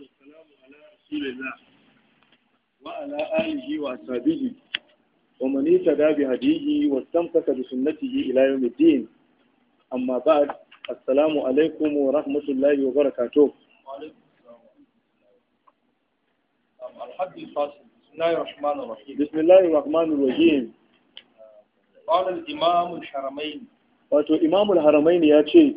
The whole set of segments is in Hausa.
والسلام على رسول الله وعلى آله وأصحابه ومن اهتدى بهديه واستمسك بسنته إلى يوم الدين أما بعد السلام عليكم ورحمة الله وبركاته وعليكم السلام الحد الفاصل بسم الله الرحمن الرحيم بسم الله الرحمن الرحيم قال الإمام الحرمين wato imamul haramaini ya ce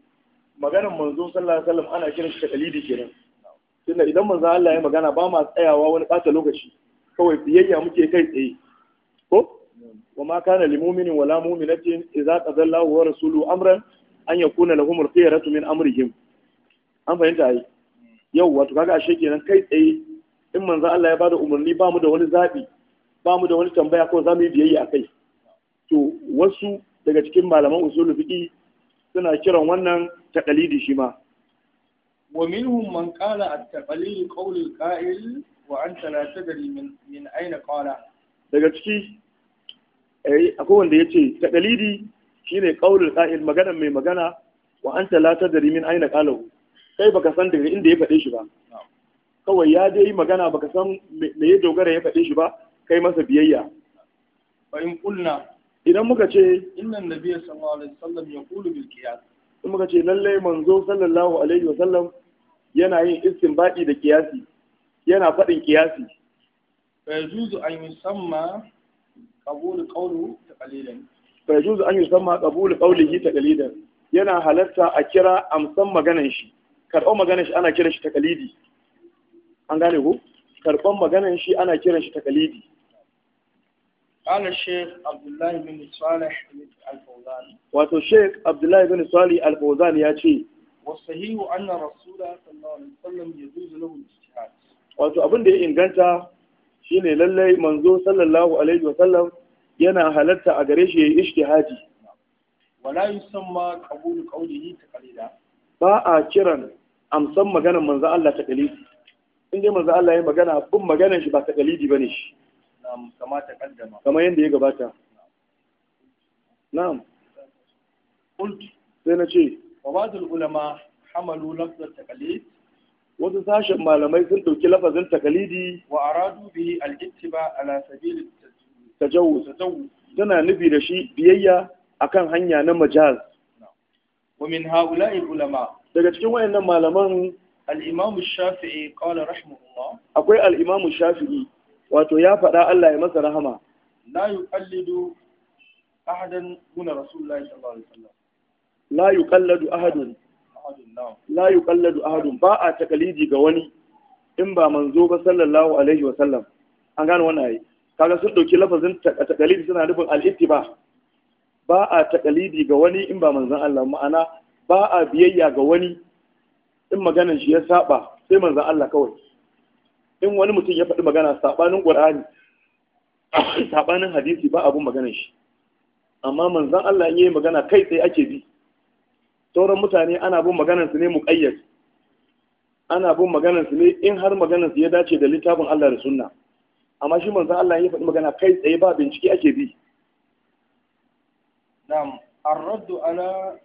maganar manzo sallallahu alaihi wasallam ana kiran shi taqlidi kenan tunda idan manzo Allah ya magana ba ma tsayawa wani ɓata lokaci kawai biyayya muke kai tsaye ko wa ma kana lil mu'minin wala mu'minatin idza qada wa rasuluhu amran an yakuna lahum al-khiyaratu min amrihim an fahimta ai yau wato kaga ashe kenan kai tsaye in manzo Allah ya bada umarni ba mu da wani zabi ba mu da wani tambaya ko za mu yi biyayya akai to wasu daga cikin malaman usulul fiqi suna kiran wannan taqalidi shi ma wa minhum man qala at-taqalid qawl al-qa'il wa anta la tadri min min ayna qala daga ciki eh akwai wanda yace taqalidi shine qawl al-qa'il magana mai magana wa anta la tadri min ayna qala kai baka san daga inda ya faɗe shi ba kawai ya dai yi magana baka san me ya dogara ya faɗe shi ba kai masa biyayya fa in qulna idan muka ce innan nabiyyu sallallahu alaihi wasallam yaqulu bil qiyas in muka ce lallai manzo sallallahu alaihi wa sallam yana yin istinbadi da kiyasi yana faɗin kiyasi fa yajuzu an yusamma qabul qawlu taqlidan fa yajuzu an yusamma qabul qawlihi taqlidan yana halatta a kira amsan maganar shi karɓar maganar shi ana kiran shi taqlidi an gane ko karɓar maganar shi ana kiran shi taqlidi قال الشيخ عبد الله بن صالح الفوزان واتو الشيخ عبد الله بن صالح الفوزان يا والصحيح أن الرسول صلى الله عليه وسلم يجوز له الاجتهاد wato abin da ya inganta shine lallai manzo sallallahu alaihi wa sallam yana halatta a gare shi yayi ijtihadi wala yusamma qabul ta ba a kiran amsan maganar manzo Allah taqlidi in dai manzo Allah ya magana bin maganar shi ba ta kalidi bane shi kamar yadda ya gabata na'am sai na ce fawazul ulama hamalu lafzar takalid wasu sashen malamai sun ɗauki lafazin takalidi wa aradu bi al-ittiba ala sabili tajawuz tana nufi da shi biyayya akan hanya na majaz wa min haula'i ulama daga cikin wayannan malaman al-imam shafi'i qala rahimahullah akwai al-imam shafi'i wato ya faɗa Allah ya masa rahama la yuqallidu ahadan duna rasulullahi sallallahu alaihi wasallam la yuqallidu ahadun la ahadun ba a takalidi ga wani in ba manzo ba sallallahu alaihi wasallam an gane wannan ayi kaga sun dauki lafazin takalidi suna nufin al-ittiba ba a takalidi ga wani in ba manzon Allah ma'ana ba a biyayya ga wani in maganar shi ya saba sai manzon Allah kawai in wani mutum ya faɗi magana saɓanin ƙur'ani saɓanin hadisi ba abun maganar shi amma manzan Allah ya yi magana kai tsaye ake bi sauran mutane ana bin maganarsu su ne muƙayyad ana bin maganarsu su ne in har maganarsu su ya dace da littafin Allah da sunna amma shi manzan Allah ya faɗi magana kai tsaye ba bincike ake bi na'am ar-raddu ala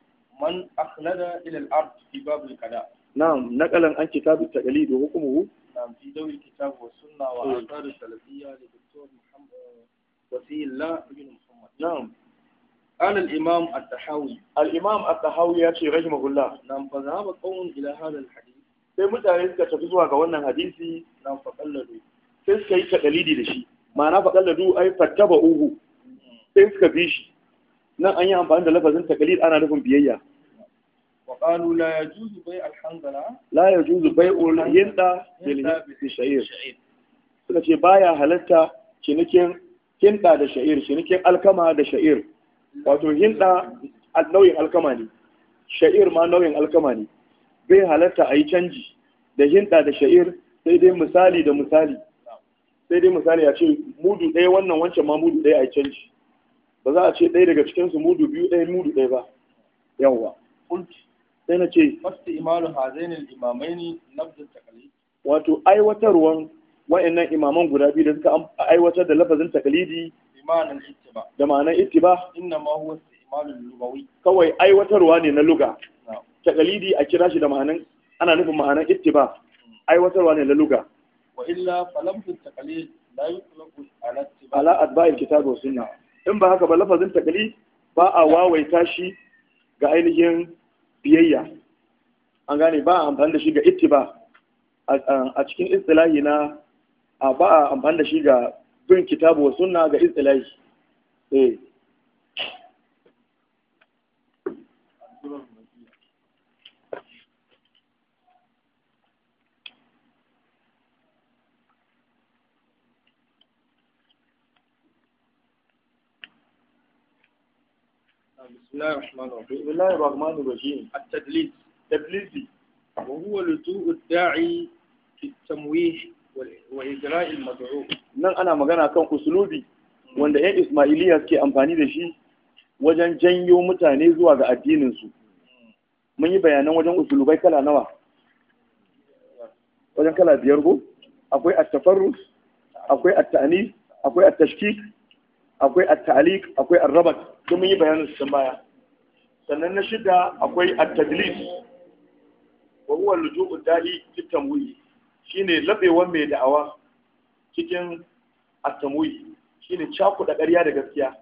man akhlada ila al-ard fi bab al-qada na'am naqalan an kitab taqlid wa hukmuhu نعم في ذوي الكتاب والسنة وآثار السلفية لدكتور محمد وفي الله بن محمد نعم قال الإمام التحاوي الإمام التحاوي يأتي رحمه الله نعم فذهب قوم إلى هذا الحديث sai mutane suka tafi zuwa ga wannan hadisi na faƙalladu sai suka yi taƙalidi da shi ma'ana faƙalladu ai fattaba uhu sai suka bi shi nan an yi amfani da lafazin taƙalid ana nufin biyayya وقالوا لا يجوز بيع الحنظلة لا يجوز بيع الهند بالشعير suka ce baya halatta cinikin hinda da sha'ir cinikin alkama da sha'ir wato hinda nau'in alkama ne sha'ir ma nau'in alkama ne bai halatta a yi canji da hinda da sha'ir sai dai misali da misali sai dai misali a ce mudu ɗaya wannan wancan ma mudu ɗaya a yi canji ba za a ce ɗaya daga cikinsu mudu biyu ɗaya mudu ɗaya ba yawwa sai na ce fasti imalu hazainil imamaini nafzul taqlid wato aiwatarwan wayannan imaman guda biyu da suka aiwatar da lafazin taqlidi imanan ittiba da ma'anar ittiba inna ma huwa istimalul lugawi kawai aiwatarwa ne na luga taqlidi a kira shi da ma'anar ana nufin ma'anar ittiba aiwatarwa ne na luga wa illa falamtu taqlid la yutlaqu ala ittiba ala adba'il kitab wa sunna in ba haka ba lafazin taqlid ba a wawaita shi ga ainihin biyayya an gane ba a amfani da shi ga ittiba a cikin istilahi na a ba a amfani da shi ga bin kitabu wa sunna ga istilahi eh bismillahir rahmanir rahim bismillahir rahmanir rahim at-tadlis tadlisi wa huwa lutu'u da'i fi tamwih wa ijra'il mad'u nan ana magana kan usulubi wanda ƴan Ismailiyya suke amfani da shi wajen janyo mutane zuwa ga addininsu. Mun yi bayanan wajen usulubai kala nawa? Wajen kala biyar ko? Akwai at-tafarrus, akwai at-ta'anis, akwai at-tashkik, akwai at-ta'alik, akwai ar-rabat. duk mun yi bayanin sun baya sannan na shida akwai at-tadlis wa huwa luju'u da'i fi tamwi shine labewa mai da'awa cikin at-tamwi shine da ƙarya da gaskiya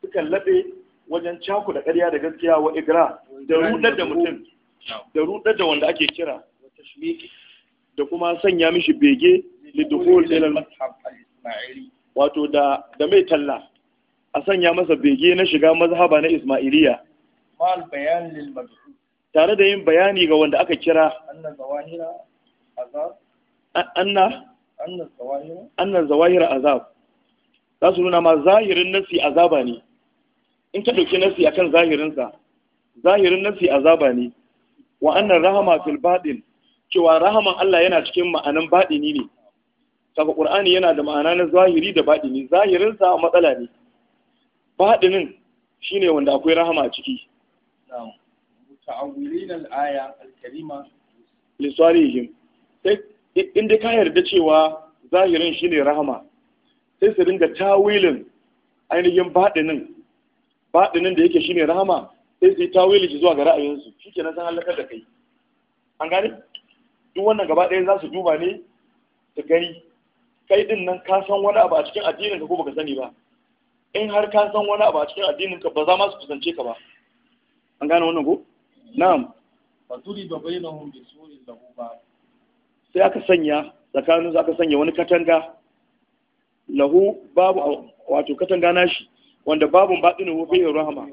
sukan labe wajen da ƙarya da gaskiya wa igra da rudar da mutum da rudar da wanda ake kira da kuma sanya mishi bege lidukul ilal wato da da mai talla a sanya masa bege na shiga mazhaba na Ismailiyya mal bayan lil tare da yin bayani ga wanda aka kira anna zawahira azab anna anna zawahira anna zawahira azab za su nuna ma zahirin nasi azaba ne in ka dauki nasi akan zahirinsa zahirin nasi azaba ne wa annan rahama fil baɗin cewa rahaman Allah yana cikin ma'anan baɗini ne kaga Qur'ani yana da ma'ana na zahiri da baɗini zahirinsa matsala ne shi ne wanda akwai rahama a ciki muta'awwilin al sai in dai ka yarda cewa zahirin shi ne rahama sai su dinga tawilin ainihin baɗinin baɗinin da yake ne rahama sai su yi tawilin shi zuwa ga ra'ayinsu shikenan san halakar da kai an gane duk wannan gaba ɗaya za su duba ne su gani kai ɗin nan ka san wani abu a cikin addinin ka ko baka sani ba in har ka san wani abu a cikin addinin ka ba za ma su kusance ka ba an gane wannan ko na'am faturi ba bainahum bi surin lahu ba sai aka sanya tsakanin aka sanya wani katanga lahu babu wato katanga nashi wanda babu baɗin hu bai rahama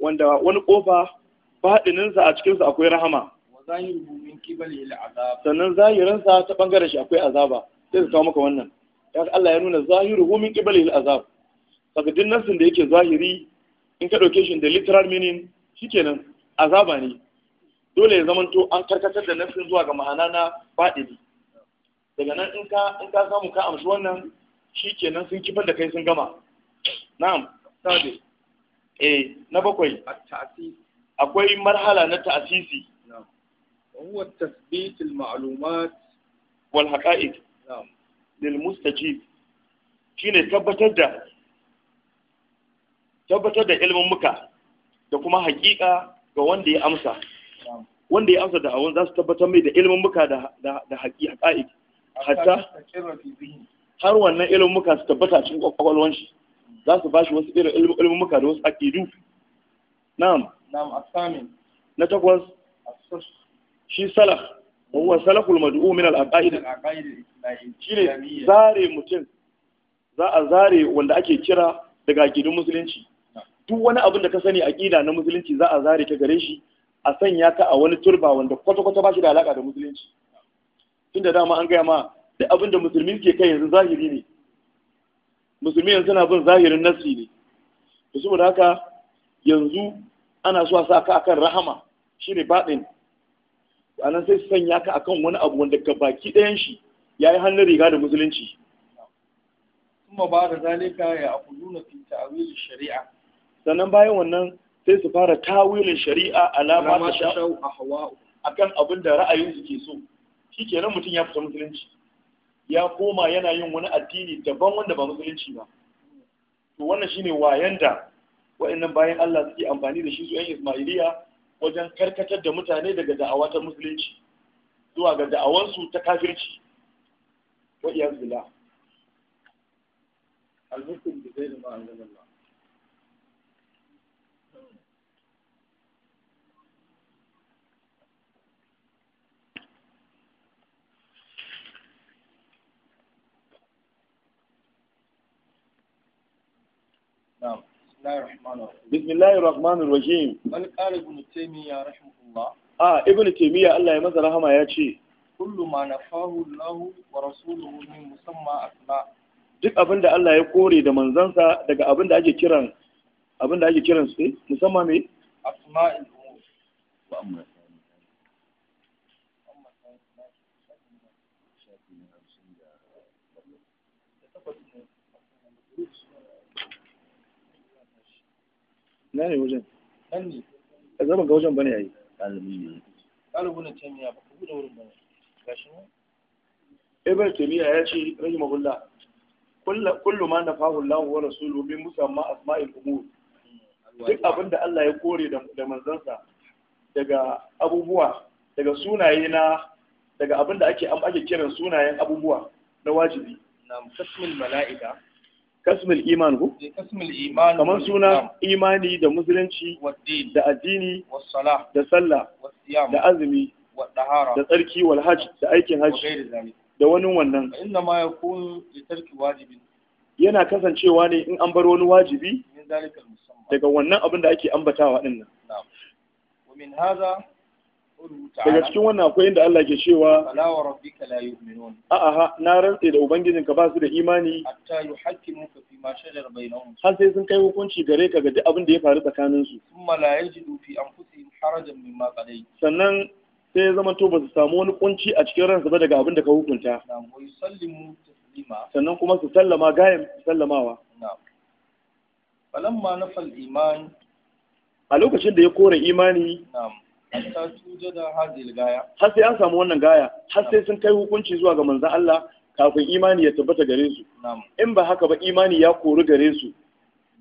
wanda wani kofa baɗinin sa a cikin sa akwai rahama sannan zahirin sa ta bangaren shi akwai azaba sai su kawo maka wannan kaga Allah ya nuna zahiru min qibali al azab daga din nassin da yake zahiri in ka ɗauke shi da literal meaning shikenan azaba ne dole ya zamanto an karkatar da nassin zuwa ga ma'ana na baɗini daga nan in ka in ka samu ka amshi wannan shikenan sun kifar da kai sun gama na'am sabe eh na bakwai akwai marhala na ta'asisi وهو تثبيت المعلومات والحقائق نعم للمستجيب shine tabbatar da tabbatar da ilimin muka da kuma hakika ga wanda ya amsa wanda ya amsa da awon za su tabbatar mai da ilimin muka da a haƙiƙa hatta har wannan ilimin muka su tabbata cikin kwakwalwan shi za su bashi wasu irin ilimin muka da wasu ake na'am na'am asamin na takwas shi salak. wa huwa salaful mad'u min al-aqaid shine zare mutum za a zare wanda ake kira daga gidan musulunci duk wani abin da ka sani aqida na musulunci za a zare ta gare shi a sanya ta a wani turba wanda kwata-kwata ba shi da alaka da musulunci Tun da dama an gaya ma duk abin da musulmi ke kai yanzu zahiri ne musulmi yanzu na bin zahirin nasi ne da saboda haka yanzu ana so a sa ka akan rahama Shi ne baɗin anan sai su sanya ka akan wani abu wanda ka baki ɗayan shi ya yi hannun riga da musulunci kuma ba da zalika ya akuduna a wili shari'a sannan bayan wannan sai su fara tawilin shari'a alama ta sha'u kan abin da ra'ayin su ke so shi kenan mutum ya fita musulunci ya koma yana yin wani addini daban wanda ba musulunci ba to wannan shine wayan da wa'annan bayan Allah suke amfani da shi su 'yan Ismailiya wajen karkatar da mutane daga da'awa ta musulunci zuwa ga da'awansu ta kafirci wa iyaz al-muslim bi ghayri بسم الله الرحمن الرحيم qala قال ابن rahimahullah. رحمه الله Taymiyyah Allah ya masa rahma, ya ce, kullu ma nafahu wa rasuluhu min musamma Duk abin da Allah ya kore da manzansa daga abin da ake kiran abin da ake kiran su musamman me? Asma'il umur. ina ne wajen nan ne a zama ga wajen bane yayi ɗalibi ne ɗalibi na taimiya ya ku buɗe wurin bane gashi ne eh, ibn taimiya ya ce rahimahullah kullu ma nafahu Allah wa rasuluhu min musamma asma'il umur hmm. duk abinda Allah ya kore da manzansa daga abubuwa daga sunaye na daga abinda ake am ake kiran sunayen abubuwa na wajibi na tasmin mala'ika kasmul iman ku kamar suna imani da musulunci da addini da sallah da azumi da tsarki wal hajj da aikin hajj da wani wannan yana kasancewa ne in an bar wani wajibi daga wannan abin da ake ambatawa din nan wa min hadha daga cikin wannan akwai inda Allah ke cewa a'a na rantse da ubangijin ka ba su da imani har sai sun kai hukunci gare ka ga duk abin da ya faru tsakanin su sannan sai ya zama to ba su samu wani kunci a cikin ransu ba daga abin da ka hukunta sannan kuma su sallama gayan sallamawa a lokacin da ya kore imani har sai an samu wannan gaya har sai sun kai hukunci zuwa ga manzan Allah kafin imani ya tabbata gare su in ba haka ba imani ya kori gare su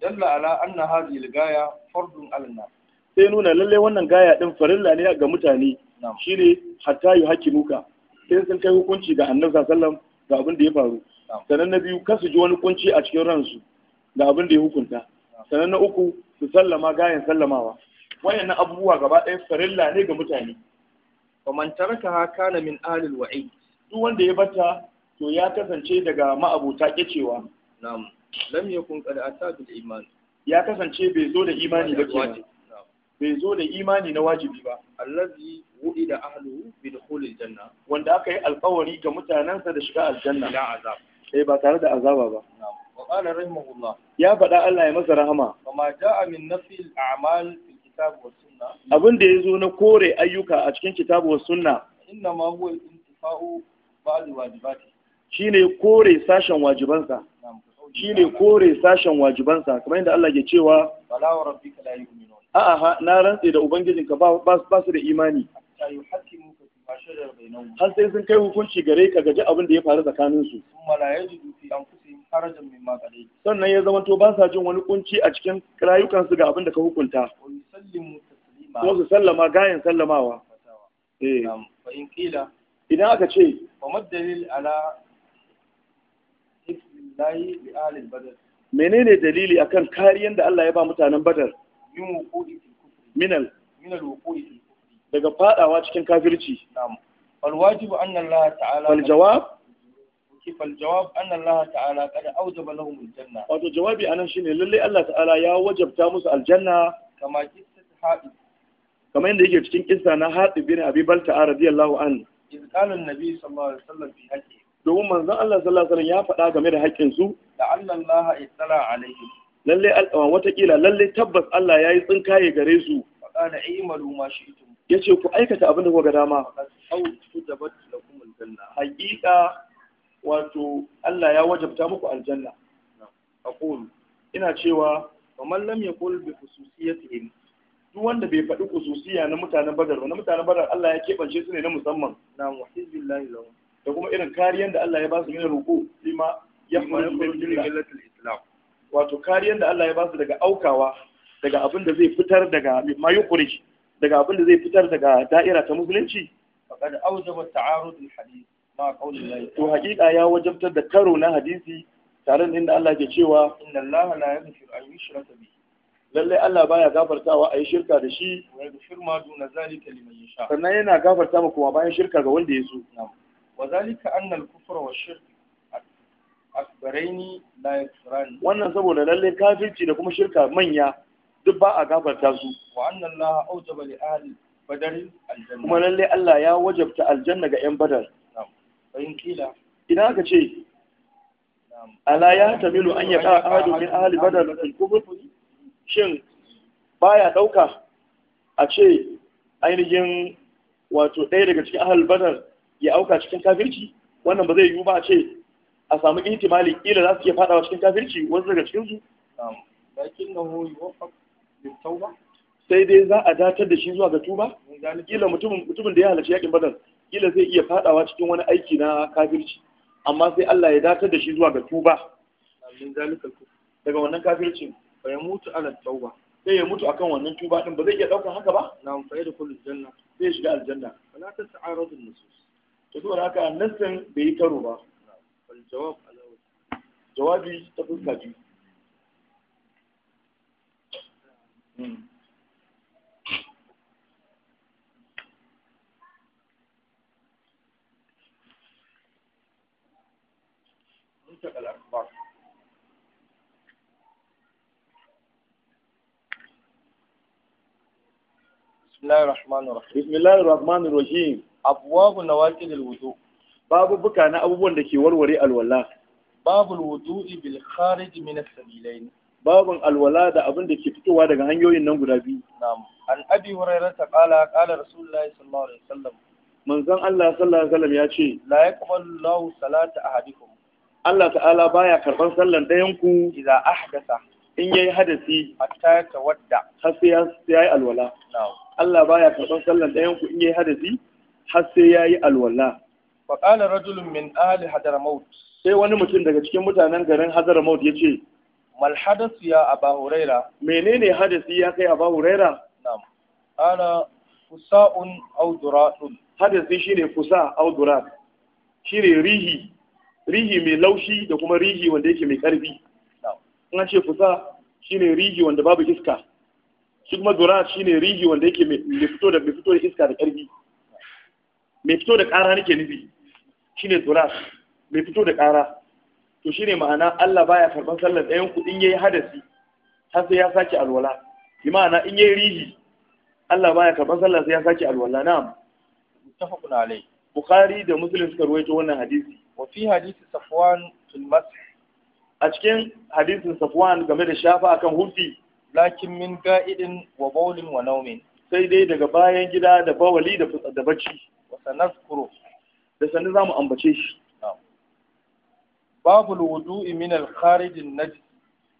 dalla ala anna hadhihi al-gaya fardun alna sai nuna lalle wannan gaya din farilla ne ga mutane shine hatta yuhakimuka sai sun kai hukunci ga annabi sallallahu ga abin da ya faru sanan na biyu kasu ji wani kunci a cikin ransu ga abin da ya hukunta sanan na uku su sallama gayan sallamawa wayannan abubuwa gaba ɗaya farilla ne ga mutane wa man tarakaha kana min alil wa'id duk wanda ya bata to ya kasance daga ma'abuta kicewa na'am lam yakun qad ata bil iman ya kasance bai zo da imani ba kenan bai zo da imani na wajibi ba allazi wu'ida ahluhu bi dukhulil janna wanda aka yi alƙawari ga mutanansa da shiga aljanna la azab eh ba tare da azaba ba na'am wa qala rahimahullah ya faɗa Allah ya masa rahama kama ja'a min nafil a'mal abin da ya zo na kore ayyuka a cikin kitabu wa sunna inna ma huwa intifa'u ba'd wajibati shine kore sashen wajibansa shine kore sashen wajibansa kamar yadda Allah ke cewa bala wa rabbika la yu'minun a'a ha na rantse da ubangijinka ba ba su da imani har sai sun kai hukunci gare ka gaji abin da ya faru tsakanin su sannan ya zama to ba sa jin wani kunci a cikin rayukansu ga abin da ka hukunta yusallimu taslima kuma su sallama gayan sallamawa eh. idan aka ce ala li menene dalili akan kariyan da Allah ya ba mutanen badar fil minal minal daga fadawa cikin kafirci na'am wal wajibu anna Allah ta'ala wal jawab فالجواب أن الله تعالى قد أوجب لهم الجنة. وتجوابي أنا شنو للي الله تعالى يا وجب تامس الجنة كما جئت haɗu kamar yadda yake cikin kissa na haɗu bin abi balta'a radiyallahu anhu iz qala an-nabi sallallahu alaihi wasallam fi haqqi domin manzon Allah sallallahu alaihi wasallam ya faɗa game da haƙƙin su da Allah ittala alaihi lalle watakila lalle tabbas Allah ya yi tsinkaye gare su faɗa imalu ma shi'tum yace ku aikata abin da kuka ga dama haƙiƙa wato Allah ya wajabta muku aljanna aqul ina cewa wa man lam yaqul bi khususiyatihim duk wanda bai faɗi kususiya na mutanen badar na mutanen badar Allah ya keɓance su ne na musamman na muhibbillahi lahum da kuma irin kariyar da Allah ya ba su min ruku ma ya wato kariyar da Allah ya ba su daga aukawa daga abin da zai fitar daga ma yukurij daga abin da zai fitar daga da'ira ta musulunci faqad awjaba ta'arud al-hadith ma qawlillahi to haƙiƙa ya wajabtar da karo na hadisi tare da inda Allah ke cewa inna Allah la yaghfiru an yushraka bihi lallai Allah baya gafarta wa ayi shirka da shi sannan yana gafarta ba kuma bayan shirka ga wanda ya so wa zalika anna al-kufra wa shirk akbaraini la yakfurani wannan saboda lallai kafirci da kuma shirka manya duk ba a gafarta su wa anna Allah awjaba li ahli badar aljanna kuma lallai Allah ya wajabta aljanna ga yan badar fa kila idan aka ce ala ya tamilu an yaqa ahadu min ahli badar al kufr shin baya ɗauka a ce ainihin wato ɗaya daga cikin ahal badar ya auka cikin kafirci wannan ba zai yiwu ba a ce a samu intimali ila za su iya fadawa cikin kafirci wasu daga cikin su sai dai za a datar da shi zuwa ga tuba ila mutumin da ya halarci yakin badar ila zai iya fadawa cikin wani aiki na kafirci amma sai Allah ya datar da shi zuwa ga tuba daga wannan kafircin fa ya mutu ala tauba sai ya mutu akan wannan tuba din ba zai iya daukan haka ba na fa da kullu janna sai shiga aljanna wala tas'aradu nusus to saboda haka nassin bai yi karo ba wal jawab ala jawabi ta fuska biyu hmm. rahmanir rahim bismillahir rahmanir rahim abwabu nawaqid alwudu babu buka abubuwan da ke warware alwala babu alwudu'i bil kharij min as-sabilain babun alwala da abin da ke fitowa daga hanyoyin nan guda biyu na'am an abi hurairah ta qala qala rasulullahi sallallahu alaihi wasallam manzon Allah sallallahu alaihi ya ce la yaqbalu Allahu salata ahadikum Allah ta'ala baya karɓar sallar ɗayan ku idza ahdatha in yayi hadasi hatta tawadda har sai ya yi alwala Allah baya karɓar sallan ɗayan ku in yi hadasi har sai yi alwala Faƙala rajulun min ahli hadramaut sai wani mutum daga cikin mutanen garin hadramaut ce. mal hadasu ya aba huraira menene hadasi ya kai aba huraira na'am Ana fusa'un auduratun. Hadasi hadasi shine fusa audurat. Shi shine rihi rihi mai laushi da kuma rihi wanda yake mai karfi in an ce fusa shine rihi wanda babu iska sigma kuma shine rigi wanda yake mai fito da fito da iska da ƙarfi mai fito da ƙara nake nufi shine zura mai fito da ƙara to shine ma'ana Allah baya karban sallar ɗayan ku in yayi hadasi har sai ya sake alwala bi ma'ana in yayi rihi Allah baya karban sallar sai ya sake alwala na'am mutafaqun alai bukhari da muslim suka ruwaito wannan hadisi wa fi hadisi safwan fil masih a cikin hadisin safwan game da shafa akan hufi lakin min ga'idin wa bawlin wa naumin sai dai daga bayan gida da bawali da da bacci wa sanaskuru da sanin zamu ambace shi babu wudu'i min al kharijin najis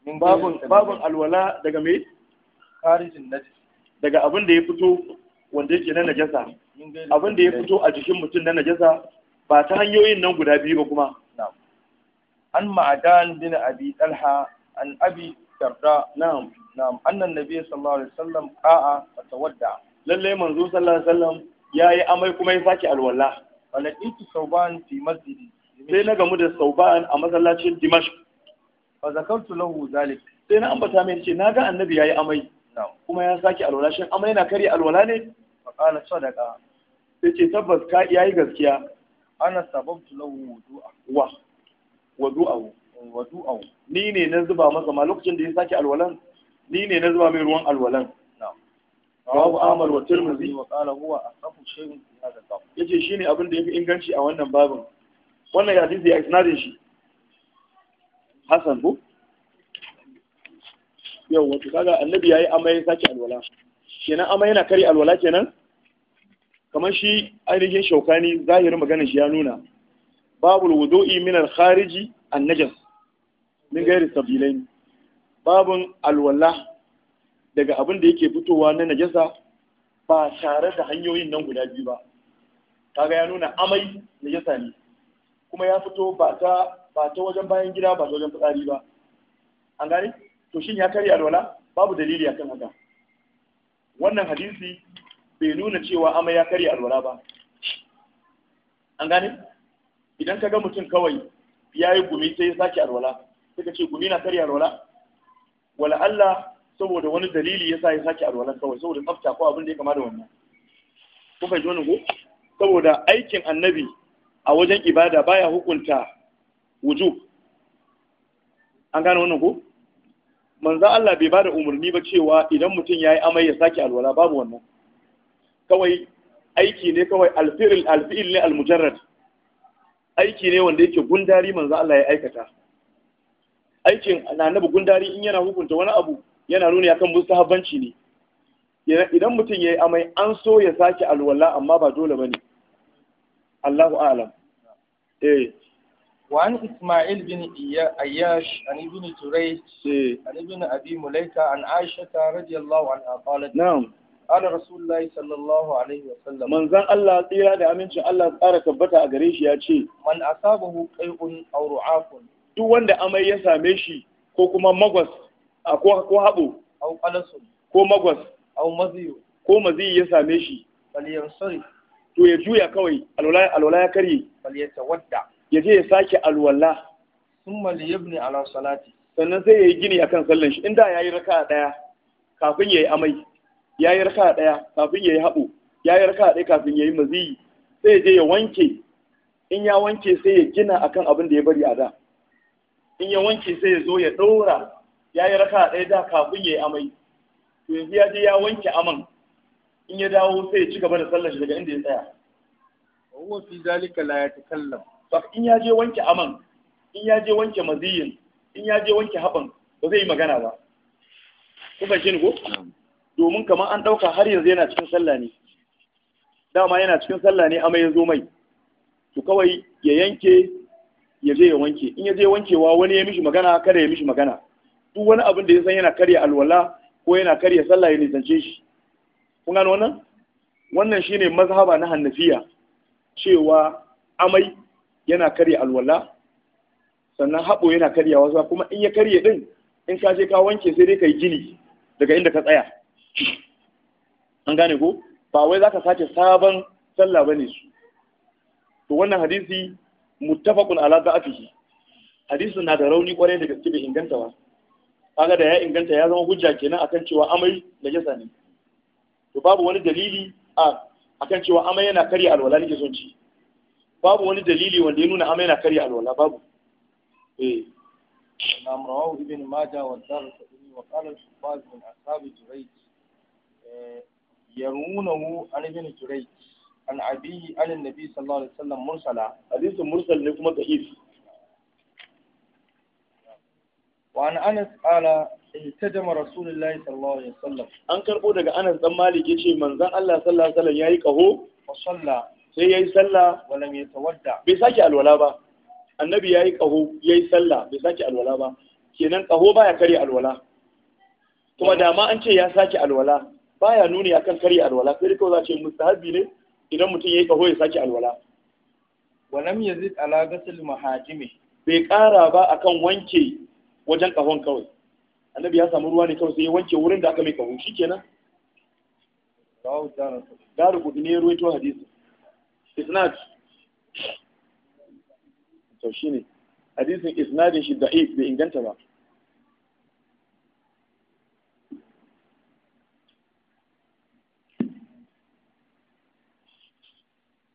min babu alwala daga me kharijin najis daga abin da ya fito wanda yake na najasa abin da ya fito a jikin mutum na najasa ba ta hanyoyin nan guda biyu ba kuma an ma'adan bin abi talha an abi darda na'am na'am annan nabi sallallahu alaihi wasallam qa'a wa tawadda lalle manzo sallallahu alaihi wasallam yayi amai kuma ya saki alwala falaqitu sauban fi masjidi sai na gamu da sauban a masallacin dimash fa zakartu lahu zalik sai na ambata mai ce naga annabi yayi amai kuma ya saki alwala shin amai na kare alwala ne fa qala sadaqa sai ce tabbas ka yayi gaskiya ana sababtu lahu wudu'a wa wudu'ahu wadu'au ni ne na zuba masa ma lokacin da ya sake alwalan ni ne na zuba mai ruwan alwalan babu amal wa tirmizi wa qala huwa asafu shay'in fi hadha al-bab yace shine abin da yafi inganci a wannan babin wannan hadisi ya isnadin shi hasan ko yau wato kaga annabi yayi amai ya sake alwala kenan amai yana kari alwala kenan kamar shi ainihin shaukani zahirin maganar shi ya nuna babul wudu'i min al-khariji an-najas min gairi sabilaini babun alwala daga abin da yake fitowa na najasa ba tare da hanyoyin nan guda biyu ba kaga ya nuna amai najasa ne kuma ya fito ba ta ba ta wajen bayan gida ba ta wajen fitsari ba an gane to shin ya karya alwala babu dalili akan haka wannan hadisi bai nuna cewa amai ya karya alwala ba an gane idan ka ga mutum kawai ya yi gumi sai ya sake alwala suka ce gumi na karya alwala wala Allah saboda wani dalili ya sa ya sake alwala kawai saboda tsafta ko abin da ya kama da wannan kuka ji wani ko saboda aikin annabi a wajen ibada baya hukunta wuju an gane wannan ko manzo Allah bai bada umarni ba cewa idan mutum yayi amai ya sake alwala babu wannan kawai aiki ne kawai alfiril alfi'il ne almujarrad aiki ne wanda yake gundari manzo Allah ya aikata aikin na annabi gundari in yana hukunta wani abu yana nuna akan mustahabbanci ne idan mutum ya yi amai an so ya sake alwala amma ba dole ba ne Allahu alam eh وعن إسماعيل بن أياش عن ابن جريج عن ابن أبي مليكة عن عائشة رضي الله عنها قالت نعم قال رسول الله صلى الله عليه وسلم من زن الله تيرا دا الله تارك بتا أغريش من أصابه قيء أو رعاف duk wanda amai ya same shi ko kuma magwas ko haɓo ko magwas ko mazi ya same shi to ya juya kawai alwala ya karye ya je ya sake alwala sannan sai ya yi gini akan sallan shi inda ya yi raka ɗaya kafin ya yi amai ya yi raka ɗaya kafin ya yi haɓo ya yi raka ɗaya kafin ya yi maziyi sai ya je ya wanke in ya wanke sai ya gina akan abin da ya bari a da in ya wanke sai ya zo ya ɗaura ya yi raka ɗaya da kafin ya yi amai to yanzu ya je ya wanke aman in ya dawo sai ya ci gaba da sallar shi daga inda ya tsaya wa fi zalika la yatakallam Ba in ya je wanke aman in ya je wanke maziyin in ya je wanke haban ba zai yi magana ba kuka shi ne ko domin kamar an ɗauka har yanzu yana cikin sallah ne dama yana cikin sallah ne amai ya zo mai to kawai ya yanke ya je ya wanke in ya je wankewa wani ya mishi magana kada ya mishi magana duk wani abin da ya san yana karya alwala ko yana karya sallah ya nisance shi kun gano wannan wannan shine mazhaba na hannafiya cewa amai yana karya alwala sannan haɓo yana karya wasa kuma in ya karya din in ka je ka wanke sai dai ka yi gini daga inda ka tsaya an gane ko ba wai zaka sace sake sabon sallah ba ne su to wannan hadisi muttafaqun ala da'afihi hadisin na da rauni kwarai da gaske bai inganta ba kaga da ya inganta ya zama hujja kenan akan cewa amai da jasa ne to babu wani dalili a akan cewa amai yana karya alwala nake son ci babu wani dalili wanda ya nuna amai yana karya alwala babu eh nam rawahu ibn majah wa darqutni wa qala al-sufaz min ashab jurayj eh, yarunahu an ibn jurayj an abi an Nabi sallallahu alaihi wasallam mursala hadisin mursal ne kuma da'if wa an anas qala intajama rasulullahi sallallahu alaihi wasallam an karbo daga anas dan malik yace manzon Allah sallallahu alaihi wasallam yayi kaho wa salla sai yayi salla walam yatawadda bai saki alwala ba annabi yayi kaho yayi salla bai saki alwala ba kenan kaho baya kare alwala kuma da ma an ce ya saki alwala baya nuni akan kare alwala sai kawai za ce mustahabi ne idan mutum ya yi kaho ya sake alwala walam yazid ala ghusl muhajimi bai ƙara ba akan wanke wajen ƙahon kawai annabi ya samu ruwa ne kawai sai ya wanke wurin da aka mai kaho shikenan daru kudi ne ruwaito hadisi isnad to shine hadisin isnadin shi da'if bai inganta ba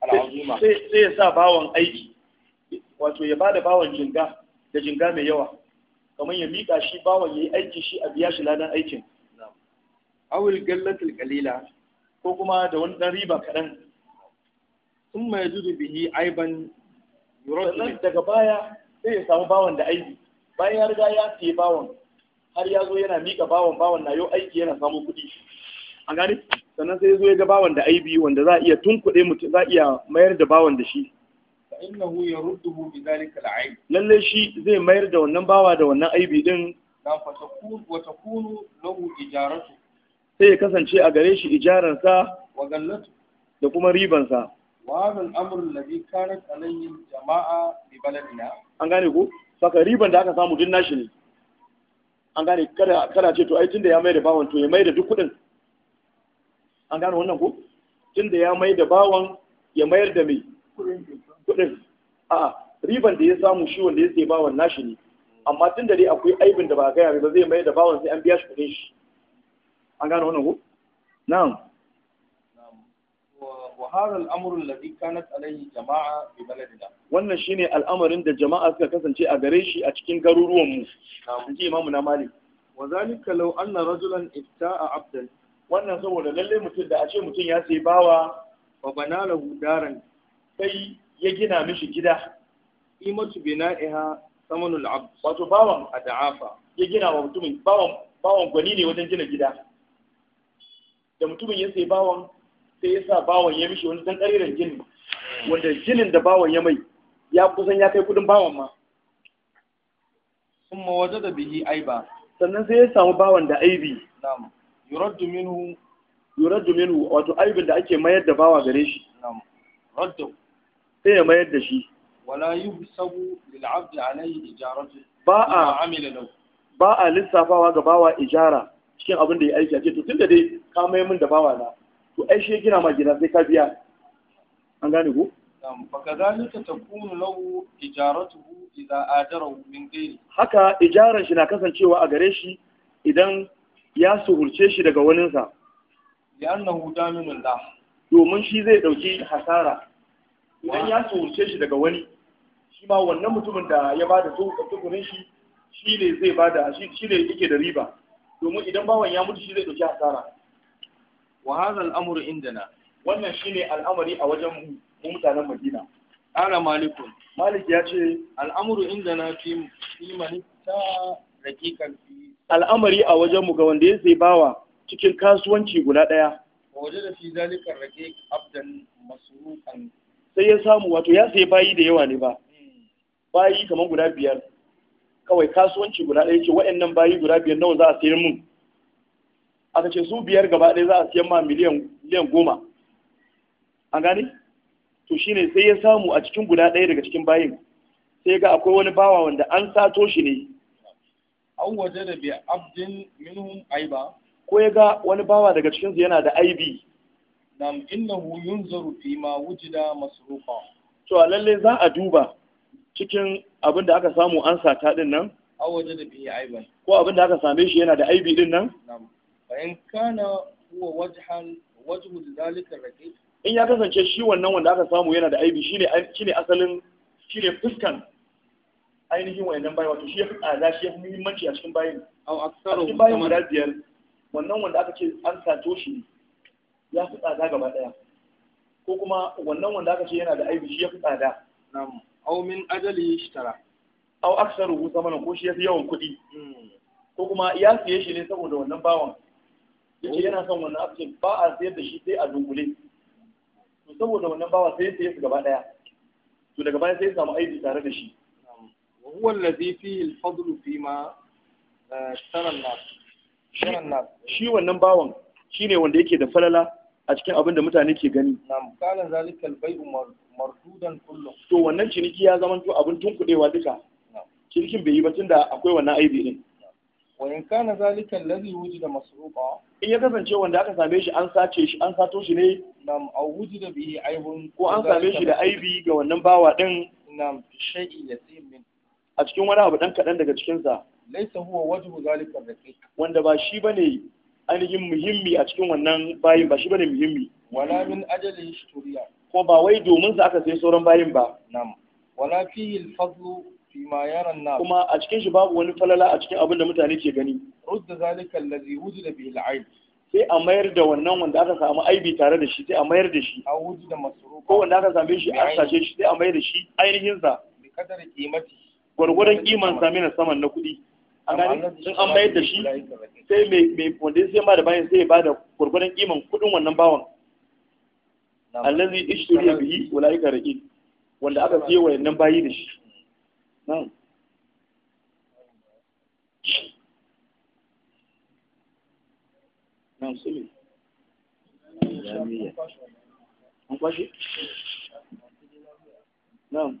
sai ya sa bawan aiki wato ya bada bawan jinga da jinga mai yawa kamar ya miƙa shi bawan ya yi aiki shi a biya shi ladan aikin awil gallatul qalila ko kuma da wani dan riba kaɗan sun mai zuzu bihi aiban sannan daga baya sai ya samu bawan da aiki bayan ya riga ya siye bawan har ya zo yana miƙa bawan bawan na yau aiki yana samu kuɗi an gane sannan sai zo ya ga bawan da aibi wanda za a iya tunkuɗe mutum za a iya mayar da bawan da shi فإنه يرده بذلك العيب لله shi zai mayar da wannan bawa da wannan aibi din dan fatakun wa takunu lahu ijaratu sai ya kasance a gare shi ijaran sa wa gallatu da kuma riban sa wa hadha al-amr alladhi kanat alayhi jama'a bi baladina an gane ko saka riban da aka samu din nashi ne an gane kada kada ce to ai tunda ya mayar da bawan to ya mayar da duk kudin an gano wannan ko tunda ya mai da bawan ya mayar da mai kudin a riban da ya samu shi wanda ya sai bawan nashi ne amma tun da dai akwai aibin da ba a gaya ba zai mayar da bawan sai an biya shi kudin shi an gano wannan ko na'am wa hada al'amru alladhi kanat alayhi jama'a bi wannan shine al'amarin da jama'a suka kasance a gare shi a cikin garuruwan mu in imamu na malik wa zalika law anna rajulan a abdan wannan saboda lalle mutum da a ce mutum ya sai bawa wa banala daran sai ya gina mishi gida imatu bina'iha samanul abd wato bawan ad'afa ya gina wa mutumin bawan bawan gwani ne wajen gina gida da mutumin ya sai bawan sai ya sa bawan ya mishi wani dan ƙariran gini wanda ginin da bawan ya mai ya kusan ya kai kudin bawan ma kuma waje da bihi aiba sannan sai ya samu bawan da aibi na'am yuraddu minhu yuraddu minhu wato aibin da ake mayar da bawa gare shi raddu sai ya mayar da shi wala yuhsabu lil abdi alayhi ijaratu ba a amila lahu ba a lissafawa ga bawa ijara cikin abin da ya aiki a ce to tunda dai ka mai min da bawa na to ai shi gina ma gida sai ka biya an gane ko fakadhalika takunu lahu ijaratuhu idza ajarahu min ghairi haka ijaran shi na kasancewa a gare shi idan ya suhurce shi daga waninsa li'annahu daminun la domin shi zai dauki hasara idan ya suhurce shi daga wani shi ma wannan mutumin da ya bada tukurin shi shi ne zai bada shi ne yake da riba domin idan bawan ya mutu shi zai dauki hasara wa hadha al indana wannan shine al'amari a wajen mu mutanen Madina Ƙara malikun. Malik ya ce, Al'amuru inda na fi mani ta rakikan fi al'amari a wajen mu ga wanda ya sai bawa cikin kasuwanci guda ɗaya. Waje da rage abdan Sai ya samu wato ya sai bayi da yawa ne ba. Bayi kamar guda biyar. Kawai kasuwanci guda ɗaya ce wa'annan bayi guda biyar nawa za a sayar mun. Aka ce su biyar gaba ɗaya za a siyan ma miliyan goma. An gane? To shine sai ya samu a cikin guda ɗaya daga cikin bayin. Sai ga akwai wani bawa wanda an sato shi ne. an waje da bi abdin minhum aiba ko ya ga wani bawa daga cikin su yana da aibi nam innahu yunzaru fi ma wujida masrufa to lalle za a duba cikin abin da aka samu an sata din nan aw waje da bi aiba ko abin da aka same shi yana da aibi din nan nam fa in kana huwa wajhan wajhu zalika raqiq in ya kasance shi wannan wanda aka samu yana da aibi shine shine asalin shine fuskan ainihin wayannan bayan wato shi ya fi tsada shi ya fi muhimmanci a cikin bayan a cikin bayan guda biyar wannan wanda aka ce an sato shi ya fi tsada gaba daya ko kuma wannan wanda aka ce yana da aibi shi ya fi tsada au min ajali tara. au aksaru hu mana ko shi ya fi yawan kuɗi hmm. ko kuma ya siye shi ne saboda wannan bawan yace oh. yana son wannan aka ce ba a sayar da shi sai a dunkule to saboda wannan bawa sai ya siye su gaba daya to daga baya sai ya samu aibi tare da shi هو الذي فيه الفضل فيما اشترى الناس اشترى الناس شي wannan bawan shine wanda yake da falala a cikin abin da mutane ke gani nam kana zalika al-bay'u mardudan kullu to wannan ciniki ya zaman to abin tunkudewa duka cinikin bai yi ba tunda akwai wannan aibi din wa in kana zalika alladhi wujida masruqa in ya kasance wanda aka same shi an sace shi an sato shi ne nam aw wujida bihi aibun ko an same shi da aibi ga wannan bawa din nam shay'in yasim min a cikin wani abu dan kaɗan daga cikinsa laisa huwa wajhu zalika raqiq wanda ba shi bane ainihin muhimmi a cikin wannan bayin ba shi bane muhimmi wala min ajalin shuriya ko ba wai domin sa aka sai sauran bayin ba na'am wala fihi al-fadlu fima yara an kuma a cikin shi babu wani falala a cikin abin da mutane ke gani rudda zalika allazi wujida bihi al-aib sai a mayar da wannan wanda aka samu aibi tare da shi sai a mayar da shi a wujida masrufa ko wanda aka same shi a sace shi sai a mayar da shi ainihin sa bi kadar qimati gwargwadon iman sami na saman na kuɗi a gani in an mayar da shi sai mai wanda sai ba da bayan sai ya ba da gwargwaron iman kuɗin wannan bawan allazi ishtiri ya bihi ulaika raqib wanda aka siye wayannan bayi da shi nan na'am sulu an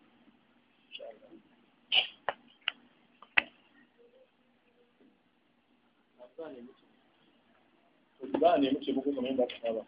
za ne nemi taimako kamar ba ta ba